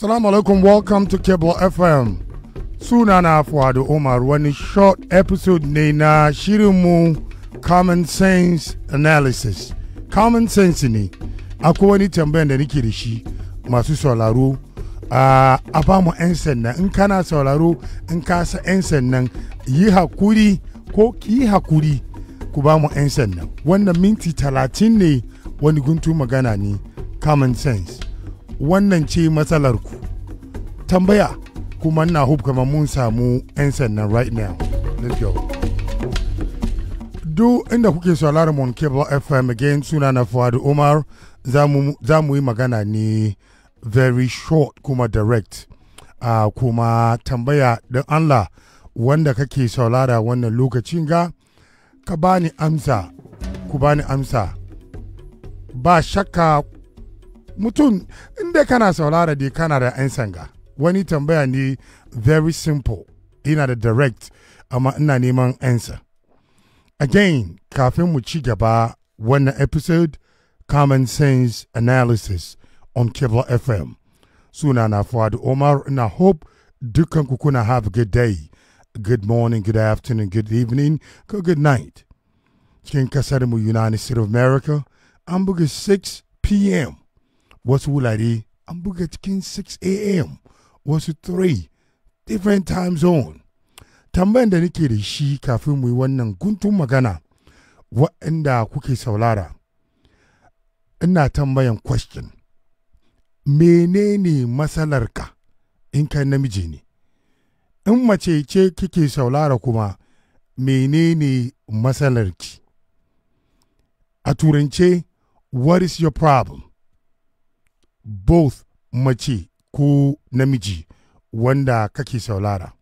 salamu alaikum, welcome to Cable FM. Sunana Fuadu umar wani short episode ne na shirinmu Common Sense Analysis. Common Sense ne, akwai wani tambayan da nake da shi masu sauraro a ba mu 'yan sannan in kana sauraro in kasa 'yan sannan yi hakuri ko ki hakuri ku ba mu 'yan sannan. Wannan minti talatin ne wani guntu magana ne Common Sense. wannan ce matsalar ku tambaya kuma na kamar mun samu 'yan sannan right now let's go duk inda kuke sauraron mon cable fm again suna na fuad umar za mu yi magana ne very short kuma direct uh, kuma tambaya don allah wanda kake saulara wannan lokacin ga ka bani amsa ku bani amsa ba shakka mutum inda kana saurara dai kana da 'yan sanga wani tambaya ne very simple ina da direct amma ina neman answer again kafin mu ci gaba wannan episode common sense analysis on Kibla fm suna na fuad omar ina hope dukanku kuna have a good day good morning good afternoon good evening ko good night cikin kasar mu united states of america an buga 6 p.m wasu wurare an buga cikin 6 a.m wasu 3 different time zone tambayan da nake da shi kafin mu yi wannan guntun magana waɗanda kuke saulara ina tambayan question menene matsalarka in kai namiji ne in mace ce kike saulara kuma menene ki a turance what is your problem both mace ko namiji wanda kake saulara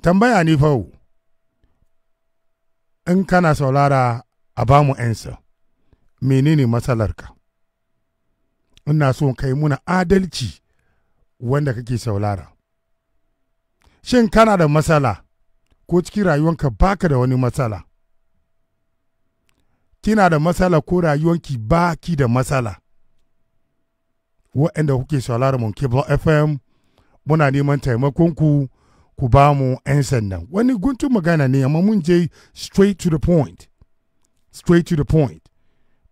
tambaya ni fa in kana saulara a bamu ansa menene matsalarka ina so kai muna adalci wanda kake saulara shin kana da matsala ko cikin rayuwanka baka da wani matsala kina da matsala ko rayuwanki baki da matsala waɗanda kuke sauraron mu Cable FM muna neman taimakonku ku ba mu ƴan sannan wani guntun magana ne amma mun je straight to the point straight to the point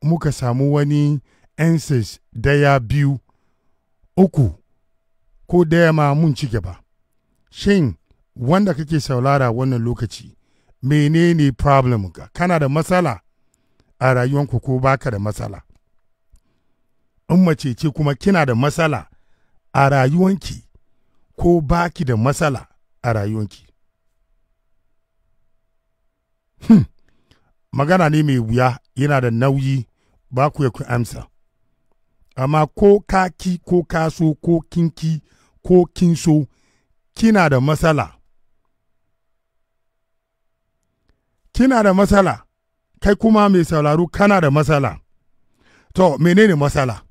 muka samu wani ensis daya biyu uku ko daya ma mun ci gaba shin wanda kake saulara wannan lokaci menene problem ka kana da matsala a rayuwanku ko baka da matsala in mace ce kuma kina da matsala a rayuwanki ko baki da matsala a rayuwanki hmm. magana ne mai wuya yana da nauyi ba ku amsa amma ko kaki ko kaso ko kinki ko kinso kina da matsala kina da matsala kai kuma mai sauraro kana da matsala to menene matsala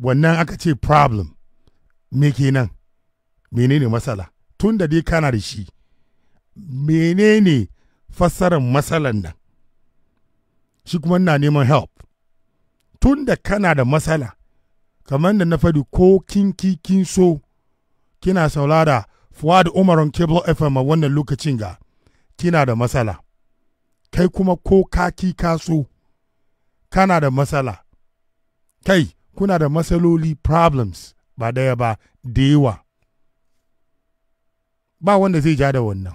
wannan aka ce problem me kenan menene matsala tun da dai kana da shi menene fassarar matsalan nan shi kuma na neman help tun da kana da matsala kamar da na faɗi ko kin kin so kina saulara Fuad Umaron Cable FM a wannan lokacin ga kina da matsala kai kuma ko kaki ka so kana da matsala kai kuna da matsaloli problems ba daya ba da yawa ba wanda zai ja da wannan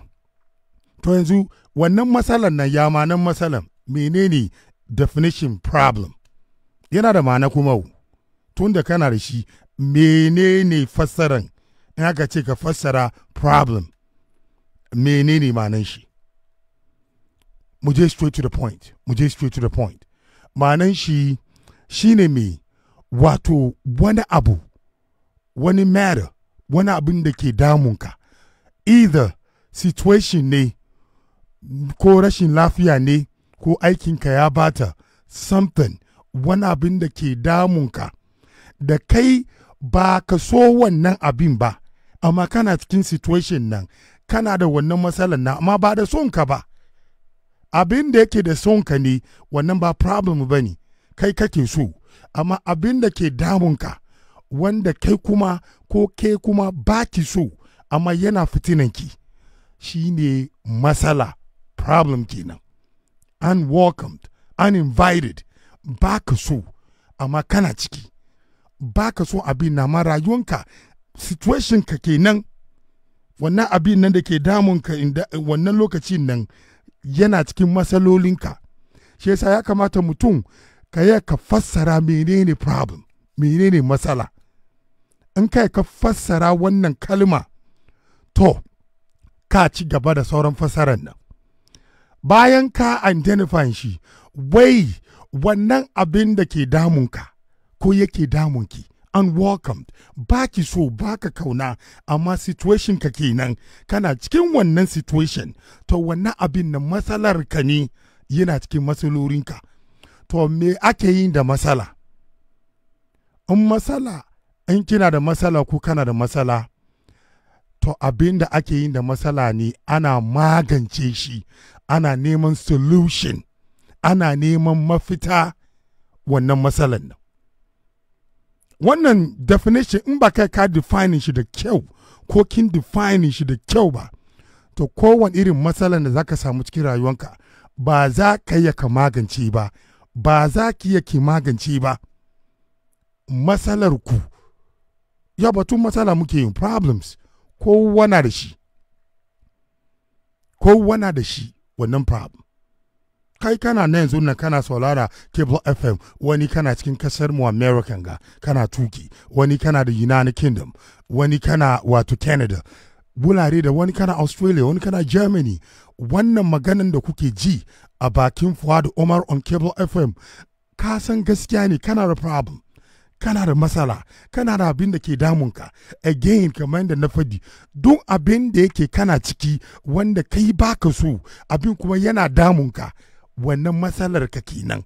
to yanzu wannan matsalan na ya manan matsalan menene definition problem yana da ma'ana kuma tun da kana da shi menene fassaran in aka ce ka fassara problem menene ma'anan shi mu je straight to the point mu je straight to the point ma'anan shi shine me wato wani abu wani matter wani abin da ke damunka either situation ne ko rashin lafiya ne ko aikinka ya bata something wani abin da ke damunka da kai ba ka so wannan abin ba amma kana cikin situation nan kana da wannan matsalar na amma ba da sonka ba abin da yake da sonka ne wannan ba problem ba ne kai kake so amma abin da ke damunka wanda kai kuma ko ke kuma ba ki so amma yana fitinanki ne matsala problem kenan unwelcomed uninvited ba ka so amma kana ciki ba ka so abin na ma rayuwanka situation ka kenan wannan abin nan da ke damunka wannan lokacin nan yana cikin matsalolinka shi yasa ya kamata mutum ka yi ka fassara menene problem menene matsala in kai ka fassara wannan kalma to ka ci gaba da sauran fassarar nan bayan ka identify shi wai wannan abin da ke damunka ko yake damunki unwelcomed ba ki so ba ka kauna amma situation ka kenan kana cikin wannan situation to wannan abin na matsalar ka ne yana cikin matsalolinka to me ake yi da matsala in matsala in kina da matsala ko kana da masala to abin da ake yi da matsala ne ana magance shi ana neman solution ana neman mafita wannan matsalan nan wannan definition in ba kai ka define shi da kyau ko kin define shi da kyau ba to kowane irin matsalan da zaka samu cikin rayuwanka ba za ka yi ka magance ba ba za ki yake magance ba matsalarku ku ya batun matsala muke yin problems kowa na da shi kowa na da shi wannan problem kai kana na yanzu nan kana saurara cable fm wani kana cikin kasar mu american ga kana tuki wani kana da united kingdom wani kana wato canada bulare da wani kana australia wani kana germany wannan maganan da kuke ji a bakin Fuad Omar on Cable FM ka san gaskiya ne kana da problem kana da matsala kana da abin da ke damunka again kamar da na fadi duk abin da yake kana ciki wanda kai baka so abin kuma yana damunka wannan matsalar ka kenan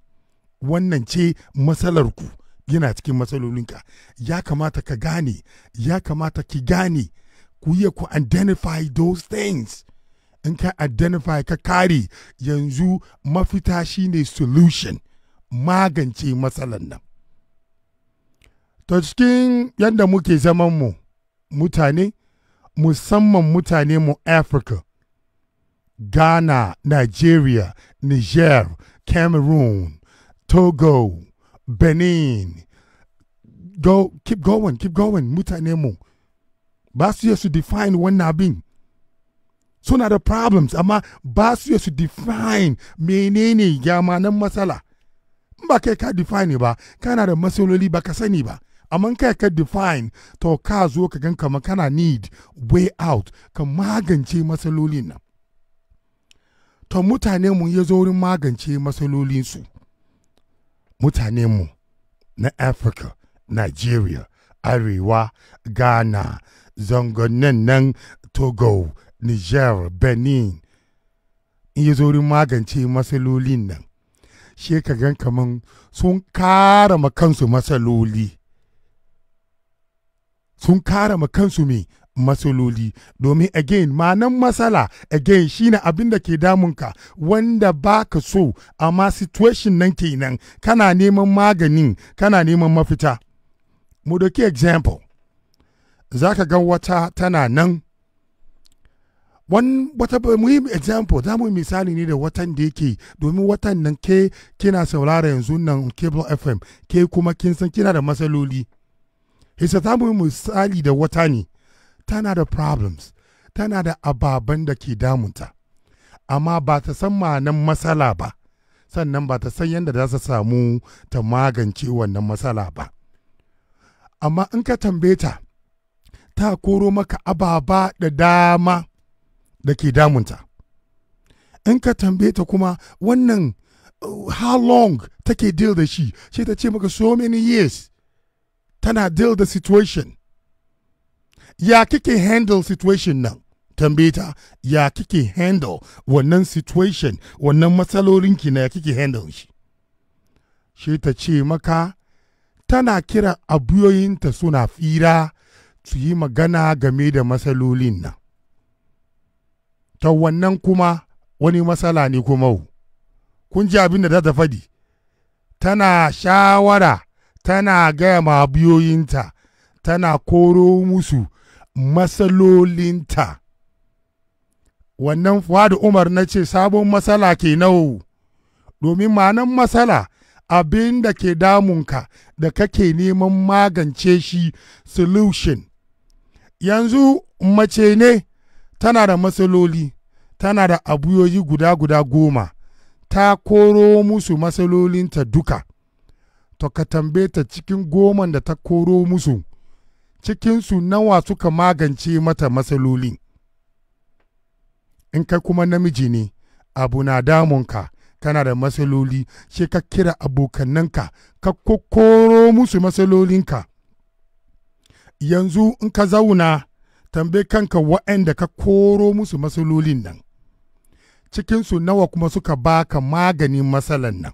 wannan ce matsalar ku yana cikin matsalolinka ya kamata ka gane ya kamata ki gane ku iya ku identify those things in ka identify ka kare yanzu mafita shine solution magance matsalan nan ta cikin yadda muke zaman mu mutane musamman mutane mu africa ghana nigeria niger cameroon togo benin go keep going keep going mutane mu ba su su define wannan abin suna da problems amma ba su yi su define menene nan matsala in ba kai ka define ba kana da matsaloli ba ka sani ba amma kai ka define to ka zo ka gan kama kana need way out ka magance matsalolin nan to mutane mu ya zo wurin magance su mutane mu na africa nigeria arewa ghana nan nan togo niger benin in yi zo magance matsalolin nan she ka gan kaman sun kara ma kansu matsaloli sun kara ma kansu me matsaloli domin again ma'anan matsala again shine abin da ke ka wanda ba ka so amma situation nan kenan kana neman maganin kana neman mafita mu doki example za ka ga wata tana nan Wani wata uh, muhim example za mu misali ne da watan da yake domin watan nan ke kina saurara yanzu nan cable fm ke kuma kin san kina da matsaloli hisa za mu misali da wata ne tana da problems tana da ababen da ke damunta amma ba ta san ma'anan matsala ba sannan ba ta san yadda za ta samu ta magance wannan matsala ba amma in ka tambaye ta ta koro maka ababa da dama da ke damunta in ka tambaye ta kuma wannan uh, how long take deal da shi she ta ce maka so many years tana deal da situation ya kike handle situation nan tambaye ta ya kike handle wannan situation wannan matsalolinki na ya kike handle shi shi ta ce maka tana kira abuyoyinta suna fira su yi magana game da matsalolin nan ta wannan kuma wani matsala ne kuma kun ji abin da ta tafadi tana shawara tana gaya ma biyoyinta tana koro musu matsalolinta wannan fuhadu umar na ce sabon matsala ke nau domin ma'anan matsala abin da ke damunka da kake neman magance shi solution yanzu mace ne tana da matsaloli tana da abuyoyi guda-guda goma ta koro musu matsalolinta duka to ka tambaye ta cikin goma da ta koro musu cikinsu nawa suka magance mata matsaloli in kai kuma namiji ne abu na damunka kana da matsaloli shi ka kira abokananka ka koro musu matsalolinka yanzu in ka zauna tambe kanka waɗanda ka koro musu matsalolin nan cikinsu nawa kuma suka baka maganin matsalan nan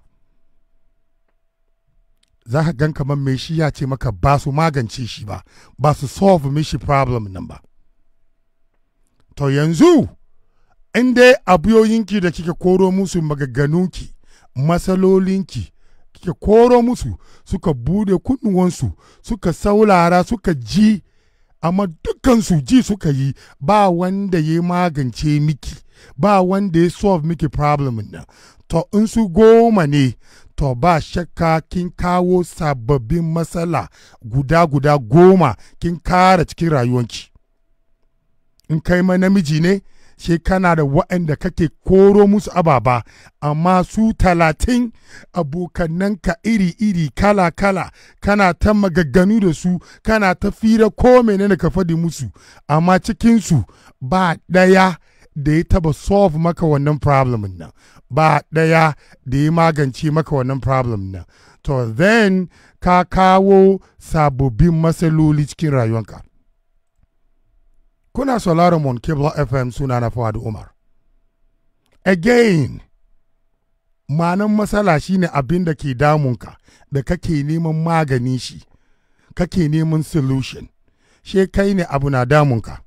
za ka gan kamar mai shi ya ce maka ba su magance shi ba ba su solve mishi problem nan ba to yanzu inda dai abuyoyinki da kike koro musu magaganunki matsalolinki kike koro musu suka bude kunnuwansu suka saulara suka ji amma dukkansu ji suka yi ba wanda ya magance miki ba wanda ya solve miki problem nan to in su goma ne to ba shakka kin kawo sababbin matsala guda-guda goma kin kara cikin rayuwanki in kai ma namiji ne shi kana da waɗanda kake koro musu ababa amma su talatin abokananka iri-iri kala-kala kana ta magagganu da su kana ta fira ko menene ka faɗi musu amma cikinsu ba ɗaya da ya taba solve maka wannan problem nan ba ɗaya da ya magance maka wannan problem nan to then ka kawo sababbin matsaloli cikin rayuwanka Kuna sauraron mon Cable FM suna na Fawad Umar. Again, manan matsala shine abin da ke damunka da kake neman magani shi, kake neman solution, she kai ne abu na damunka.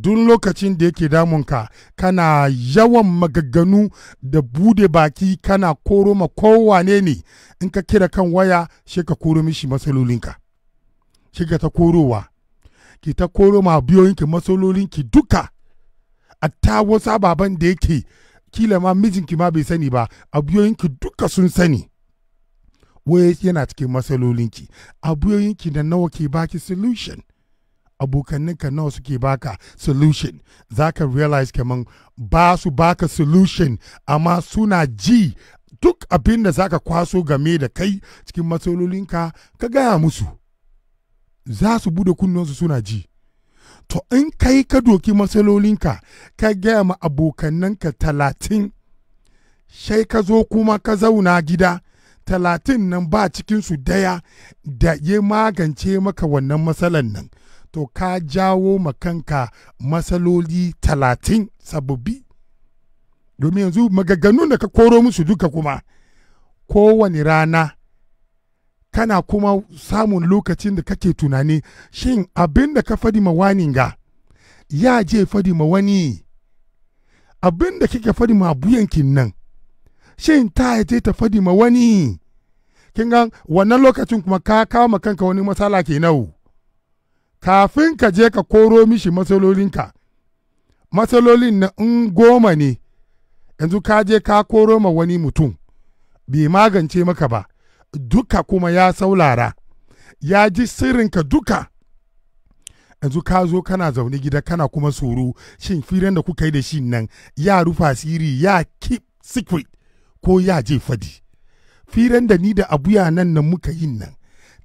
Duk lokacin da yake damunka kana yawan magagganu da bude baki kana koro ma kowane ne in ka kira kan waya she ka koro mishi matsalolinka. Shiga ta korowa ki ta koro ma biyoyinki ki duka a ta wasa baban da yake kila ma mijinki ma bai sani ba ki duka sun sani wai yana cikin matsalolinki ki da nawa ke baki solution ka nawa suke baka solution za ka realize kaman ba su baka solution amma suna ji duk abin da za ka kwaso game da kai cikin matsalolinka ka gaya musu za su bude kunnuwansu suna ji to in kai ka doki matsalolinka ka gaya ma abokannanka talatin shai ka zo kuma ka zauna gida talatin nan ba cikinsu daya da ya magance maka wannan matsalan nan to ka jawo makanka matsaloli talatin sababbi domin yanzu magagganun da ka koro musu duka kuma kowane rana kana kuma samun lokacin da kake tunani shin abin da ka fadi ma wani ga ya je fadi ma wani abin da kike fadi ma abuyankin nan shin ta je ta fadi ma wani kin ga wannan lokacin kuma ka kawo kanka wani matsala ke nau kafin ka je ka koro mishi matsalolinka matsalolin na in goma ne yanzu ka je ka koro ma wani mutum bai magance maka ba duka kuma ya saulara ya ji sirrinka duka yanzu ka zo kana zaune gida kana kuma tsoro shin firan da kuka yi da shi nan ya rufa siri ya keep secret ko ya je fadi firan da ni da abuya nan na muka yi nan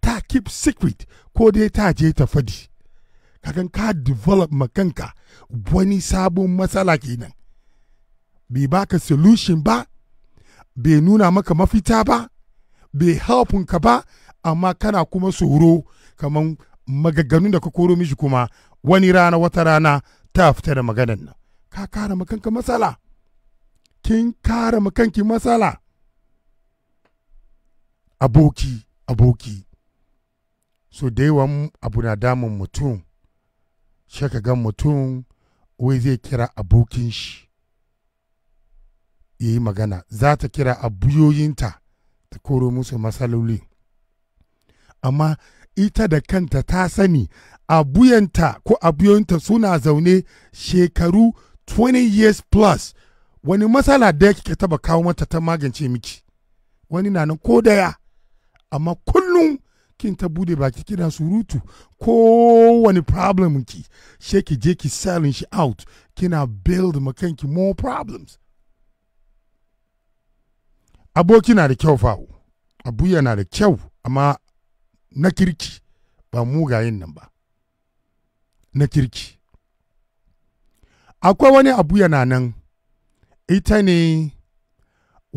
ta keep secret ko dai ta je ta fadi kakan ka develop makanka wani sabon matsala kenan bai baka solution ba bai nuna maka mafita ba bai haifun ka ba amma kana kuma tsoro kamar magaganun da ka koro mishi kuma wani rana wata rana ta fita da maganan nan ka kara makanka matsala kin kara makanki matsala aboki aboki so da yawan abu na damun mutum shaka gan mutum wai zai kira abokin shi ya yi magana za ta kira abuyoyinta ta koro musu matsaloli amma ita da kanta ta sani abuyanta ko abuyanta suna zaune shekaru 20 years plus wani matsala da kike taba kawo mata ta magance miki wani na nan ko daya amma kullum kin ta bude baki kina surutu ko wani problem ki sheki ki je ki selling shi out kina build makanki more problems aboki na da kyau fa abu na da kyau amma na kirki ba mugayen nan ba na kirki akwai wani abu na nan ita ne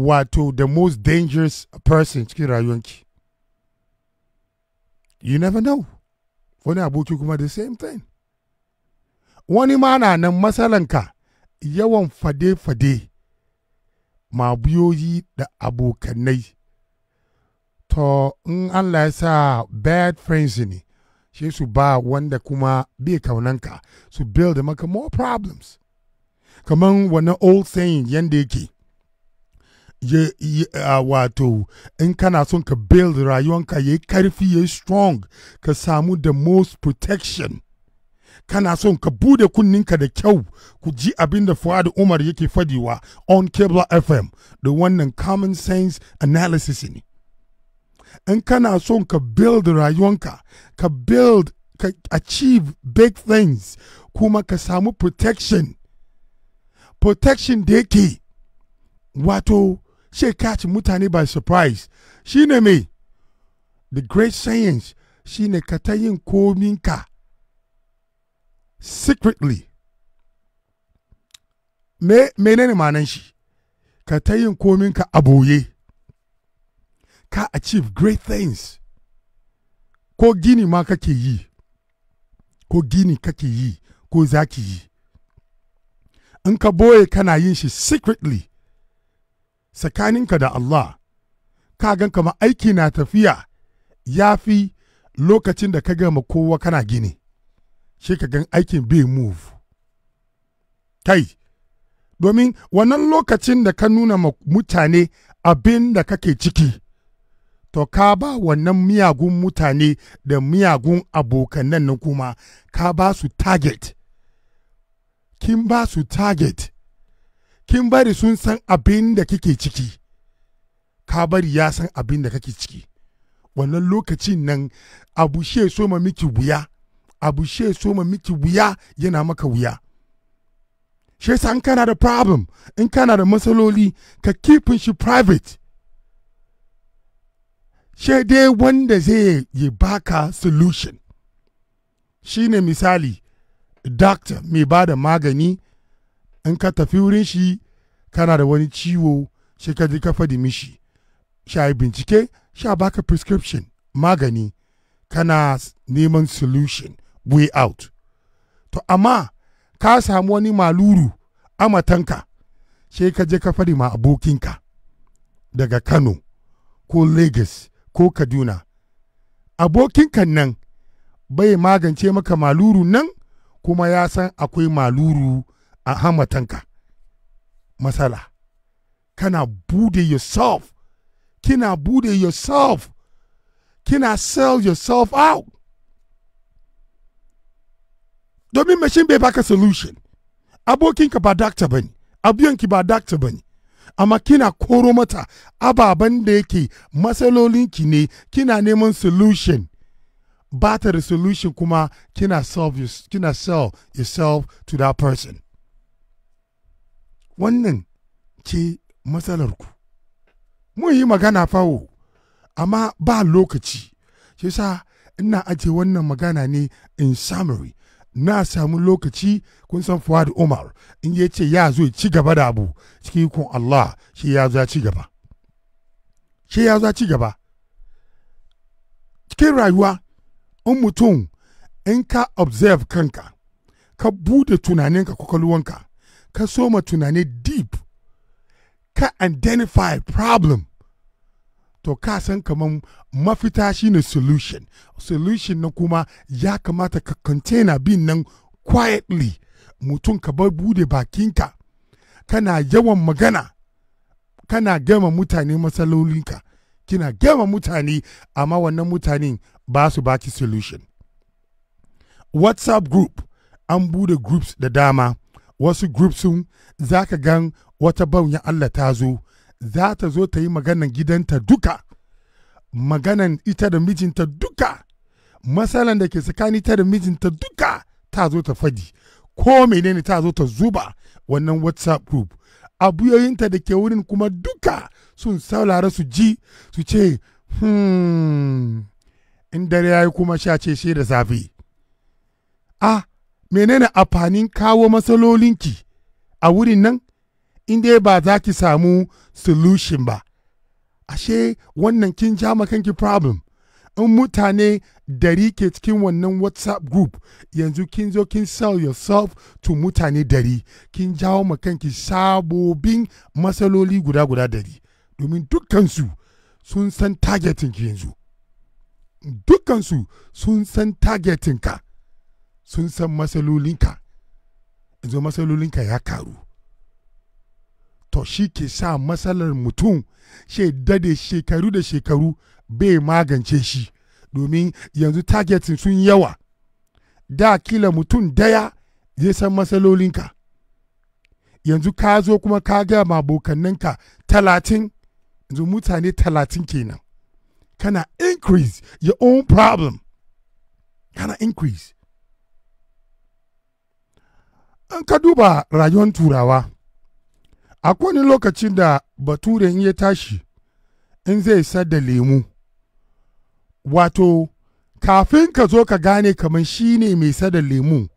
wato the most dangerous person cikin rayuwanki you never know wani aboki kuma the same thing wani ma na nan matsalanka yawan fade-fade mabuyoyi da abokanai to in allah ya sa bad friends ne shi su ba wanda kuma bai kaunanka su build maka more problems kamar wani old saying yadda yake wato in kana son ka build rayuwanka ya yi karfi ya yi strong ka samu the most protection kana son ka bude kunninka da kyau ku ji abin da Fuad Umar yake fadiwa on Cable FM da wannan common sense analysis ne. In kana son ka build rayuwanka, ka build, ka achieve big things, kuma ka samu protection. Protection da yake wato she kaci mutane by surprise shine me the great science shine ka ta yin kominka secretly me menene manan shi ka ta yin kominka a boye ka achieve great things ko gini ma kake yi ko gini kake yi ko zaki yi in ka boye kana yin shi secretly tsakaninka da Allah ka gan kama aiki na tafiya ya fi lokacin da ka gama kowa kana gini shi ka gan aikin bai move kai domin wannan lokacin da ka nuna mutane abin da kake ciki to ka ba wannan miyagun mutane da miyagun abokan nan kuma ka ba su target kin ba su target kin bari sun san abin da kike ciki ka bari ya san abin da kake ciki wannan lokacin nan abu shi so ma miki wuya abu she soma ma miki wuya yana maka wuya shi yasa kana da problem in kana da matsaloli ka kifin shi private shi dai wanda zai yi baka solution shine misali doctor mai ba da magani in ka tafi wurin shi kana da wani ciwo shi ka ji ka fadi mishi sha yi bincike sha baka prescription magani kana neman solution way out to amma ka samu wani maluru matanka sai ka je ka fari ma abokinka daga kano ko lagos ko kaduna abokinka nan bai magance maka maluru nan kuma ya san akwai maluru a hamatanka matsala kana bude yourself kina bude yourself kina sell yourself out domin mashin bai baka solution abokinka ba dakta bane abiyanki ba dakta bane amma kina koro mata ababen da yake matsalolinki ne kina neman solution ba ta da solution kuma kina solve your, kina sell yourself to that person wannan ce matsalarku mun yi magana fawo amma ba lokaci shi sa ina ajiye wannan magana ne in summary na samu lokaci kun san Fuad Umar in ya ce ya zo ci gaba da abu cikin ikon Allah shi ya zo ci gaba shi ya zo ci gaba cikin rayuwa in mutum in ka observe kanka ka bude ka kwakwalwanka ka soma tunani deep ka identify problem to ka san kamar mafita shine solution solution na kuma ya kamata ka container bin nan quietly mutum ka bar bude bakinka kana yawan magana kana gama mutane matsalolinka kina gama mutane amma wannan mutanen ba su baki solution whatsapp group an bude groups da dama wasu groups sun za ka gan wata ya allah ta zo za ta zo ta yi maganan gidanta duka maganan ita da mijinta duka matsalan da ke tsakani ta da mijinta duka ta zo ta fadi ko menene ta zo ta zuba wannan whatsapp group abuyoyinta da ke wurin kuma duka sun saulara su ji su ce hmm, in dare ya yi kuma sha ce shi da safe a ah, menene amfanin kawo matsalolinki a wurin nan in dai ba za ki samu solution ba ashe wannan kin ja kanki problem in mutane dari ke cikin wannan whatsapp group yanzu kin zo kin sell yourself to mutane dari kin jawo makanki sabobin matsaloli guda guda dari domin dukkansu sun san targetin ki yanzu dukkansu sun san targetin ka sun san matsalolinka yanzu matsalolinka ya karu to shi ke sa matsalar mutum shi dade shekaru da shekaru bai magance shi domin yanzu targeting sun yawa da kila mutum daya zai san matsalolinka yanzu ka zo kuma ka ga mabokanninka talatin yanzu mutane talatin kenan kana increase your own problem kana increase an ka duba rayuwar turawa akwai wani lokacin da bature in ya tashi in zai isar da lemu wato kafin ka zo ka gane kamar shi ne mai sada lemu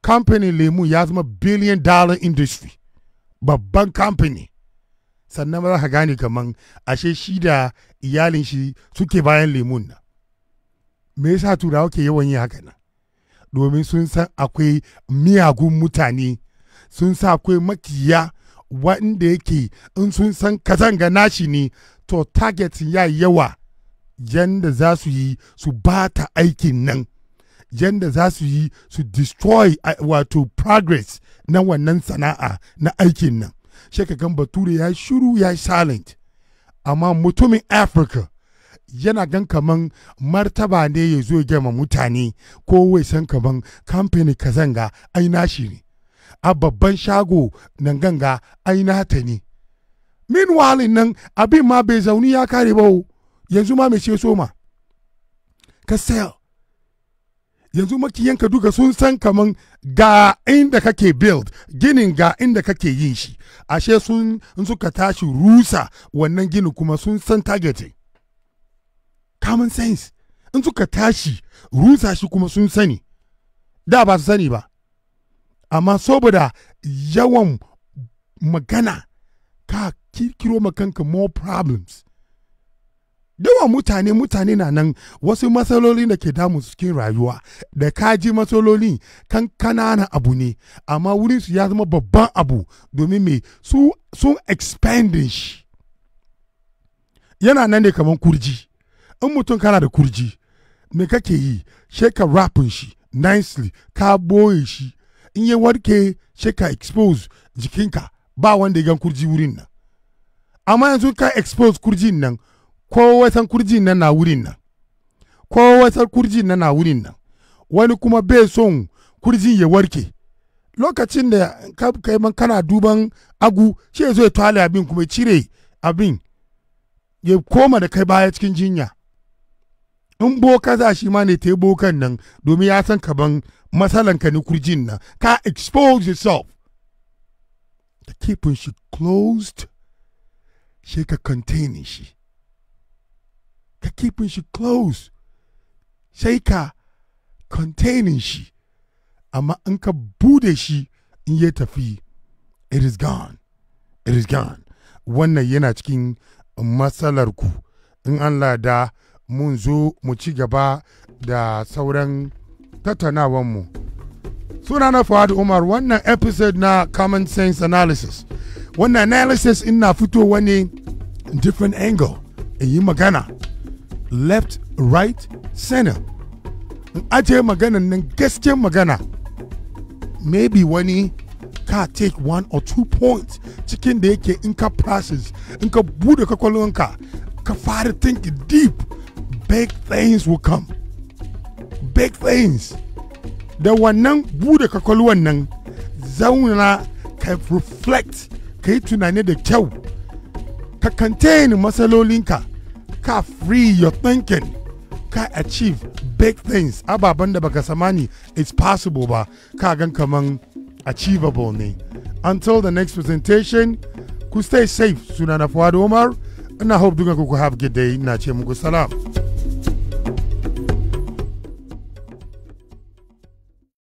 kamfanin lemu ya zama billion dollar industry babban kamfani sannan ba za ka gane kamar ashe shi da iyalin shi suke bayan lemun na me yasa turawa ke yawan yi haka nan domin sun san akwai miyagun mutane sun sa akwai makiya wanda yake in sun san kazanga nashi ne to target ya yawa yanda za su yi su bata aikin nan yanda za su yi su destroy wato progress na wannan sana'a na aikin nan shekagan bature ya shiru ya silent amma mutumin africa yana gan kaman martaba ne ya zo ya mutane ko wai san kaman kamfani kazanga ai nashi ne a babban shago nan ganga ai nata ne meanwhile nan abin ma bai zauni ya kare ba yanzu ma mai ce soma ka sayar yanzu makiyanka duka sun san kaman ga inda kake build ginin ga inda kake yin shi ashe sun suka tashi rusa wannan ginin kuma sun san targeting common sense in suka tashi rusa shi kuma sun sani da ba su sani ba amma saboda yawan magana ka kirkiro makanka more problems yawan mutane mutane na nan wasu matsaloli da ke damu cikin rayuwa da kaji matsaloli kan kanana abu ne amma wurin su ya zama babban abu domin mai sun expanding shi yana nan ne kamar kurji in mutum kana da kurji me kake yi sheka rapin shi nicely ka boye shi in ya warke shi ka expose jikinka ba wanda ya gan kurji wurin nan amma yanzu ka expose kurjin nan ko kurji kurjin nan na wurin nan ko san kurjin nan na wurin nan wani kuma bai son kurjin ya warke lokacin da kai man kana duban agu shi zai zo ya tale abin kuma cire abin ya koma da kai baya cikin jinya in boka za shi ma ne ta bokan nan domin ya san kaban matsalanka na kurjin nan ka expose yourself da keeping shi closed shi ka containing shi ka keeping shi closed sai ka containing shi amma in ka bude shi in ya tafi it is gone it is gone wannan yana cikin matsalar ku in an lada mun zo mu ci gaba da sauran tattaunawanmu suna na da Umar wannan episode na Common Sense Analysis wannan analysis ina fitowa ne different angle in yi magana left right center in ajiye maganan nan gaske magana maybe wani ka take one or two points cikin da yake in ka process in ka bude kwakwalwanka ka fara think deep big things will come big things da wannan bude kwakwalwan nan zauna ka reflect ka yi tunani da kyau ka contain matsalolinka ka free your thinking ka achieve big things ababen da baka samani it's possible ba ka gan kaman achievable ne until the next presentation ku stay safe sunana fuad omar and i hope duka ku have good day na ce muku salam